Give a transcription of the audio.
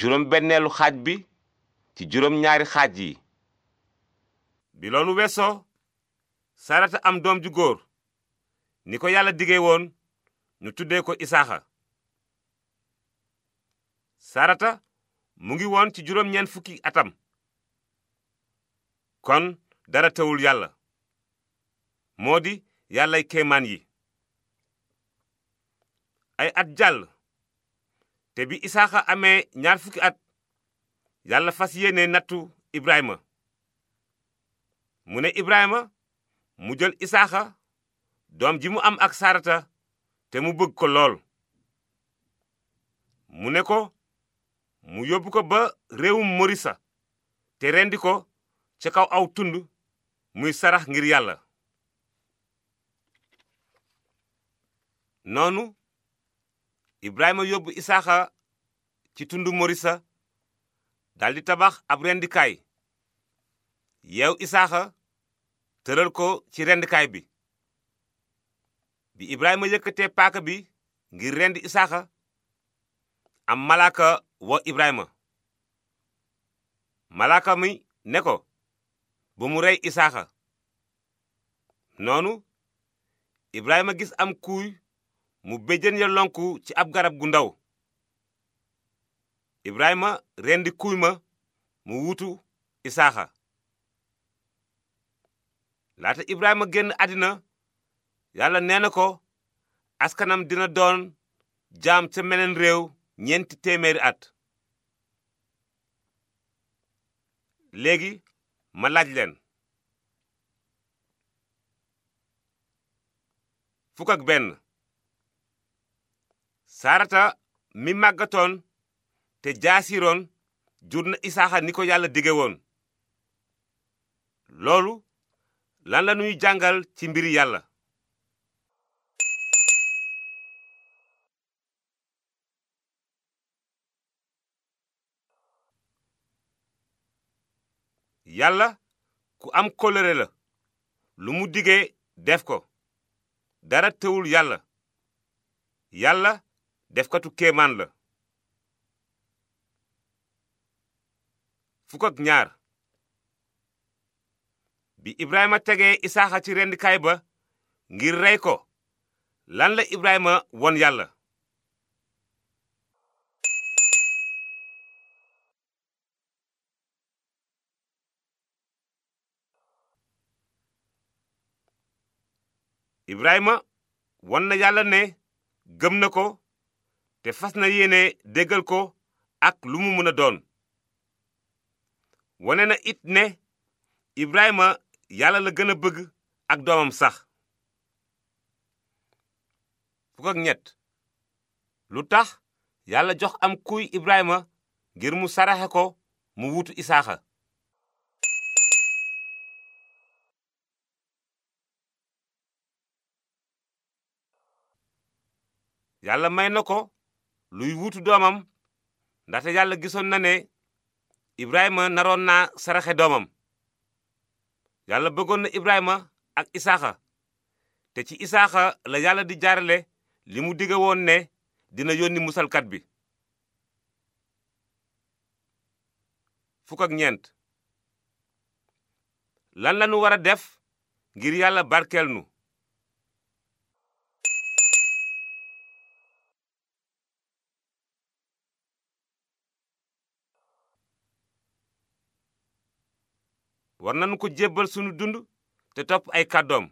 juróom benneelu xaaj bi ci juróom ñaari xaaj yi bi loolu weesoo sarata am doom ju góor ni ko yàlla dige woon ñu tuddee ko isaaxa sarata mu ngi woon ci juróom ñeent fukki atam kon dara tewul yàlla moo di yàllay kéemaan yi ay at jàll te bi isaaxa amee ñaar fukki at yàlla fas yéene nattu ibrahima mu ne ibrahima mu jël isaaxa doom ji mu am ak sarata te mu bëgg ko lool mu ne ko mu yóbbu ko ba réewum morisa te rendi ko ca kaw aw tund muy sarax ngir yàlla noonu ibrahima yóbbu isaaxa ci tundu morisa daldi tabax ab rendikaay yeew isaaxa tëral ko ci rendikaay bi bi ibrahima yëkkatee paaka bi ngir rendi isaaxa am malaaka woo ibrahima malaaka mi ne ko bu mu rey isaaxa noonu ibrahima gis am kuuy mu béjjén ya lonku ci ab garab gu ndaw ibrahima rendi kuy ma mu wutu isaaxa laata ibrahima génn àddina yàlla nee na ko askanam dina doon jaam ca meneen réew ñeenti téeméeri at léegi ma laaj leen fukk ak benn sarata mi màggatoon te jaasiroon jur na isaaxa ni ko yàlla dige woon loolu lan la ñuy jàngal ci mbir yàlla yàlla ku am kóllëre la lu mu digee def ko dara tëwul yàlla yàlla defkatu kéemaan la fukk ñaar bi ibrahima tegee isaaxa ci rendikaay ba ngir rey ko lan la ibrahima won yàlla ibrahima won na yàlla ne gëm na ko te fas na yéene déggal ko ak lu mu mën a doon wane na it ne Ibrahima yàlla la gën a bëgg ak doomam sax fukk ak ñett lu tax yàlla jox am kuy Ibrahima ngir mu saraxe ko mu wuutu Isaaxa yàlla may na ko luy wutu doomam ndaxte yàlla gisoon na ne Ibrahima naroon naa saraxe doomam yàlla bëggoon na Ibrahima ak Isaaxa te ci Isaaxa la yàlla di jaarale li mu diga woon ne dina yónni musalkat bi. fukk ak ñeent lan lanu war a def ngir yàlla barkeel nu war nañu ko jébbal sunu dund te topp ay kàddoom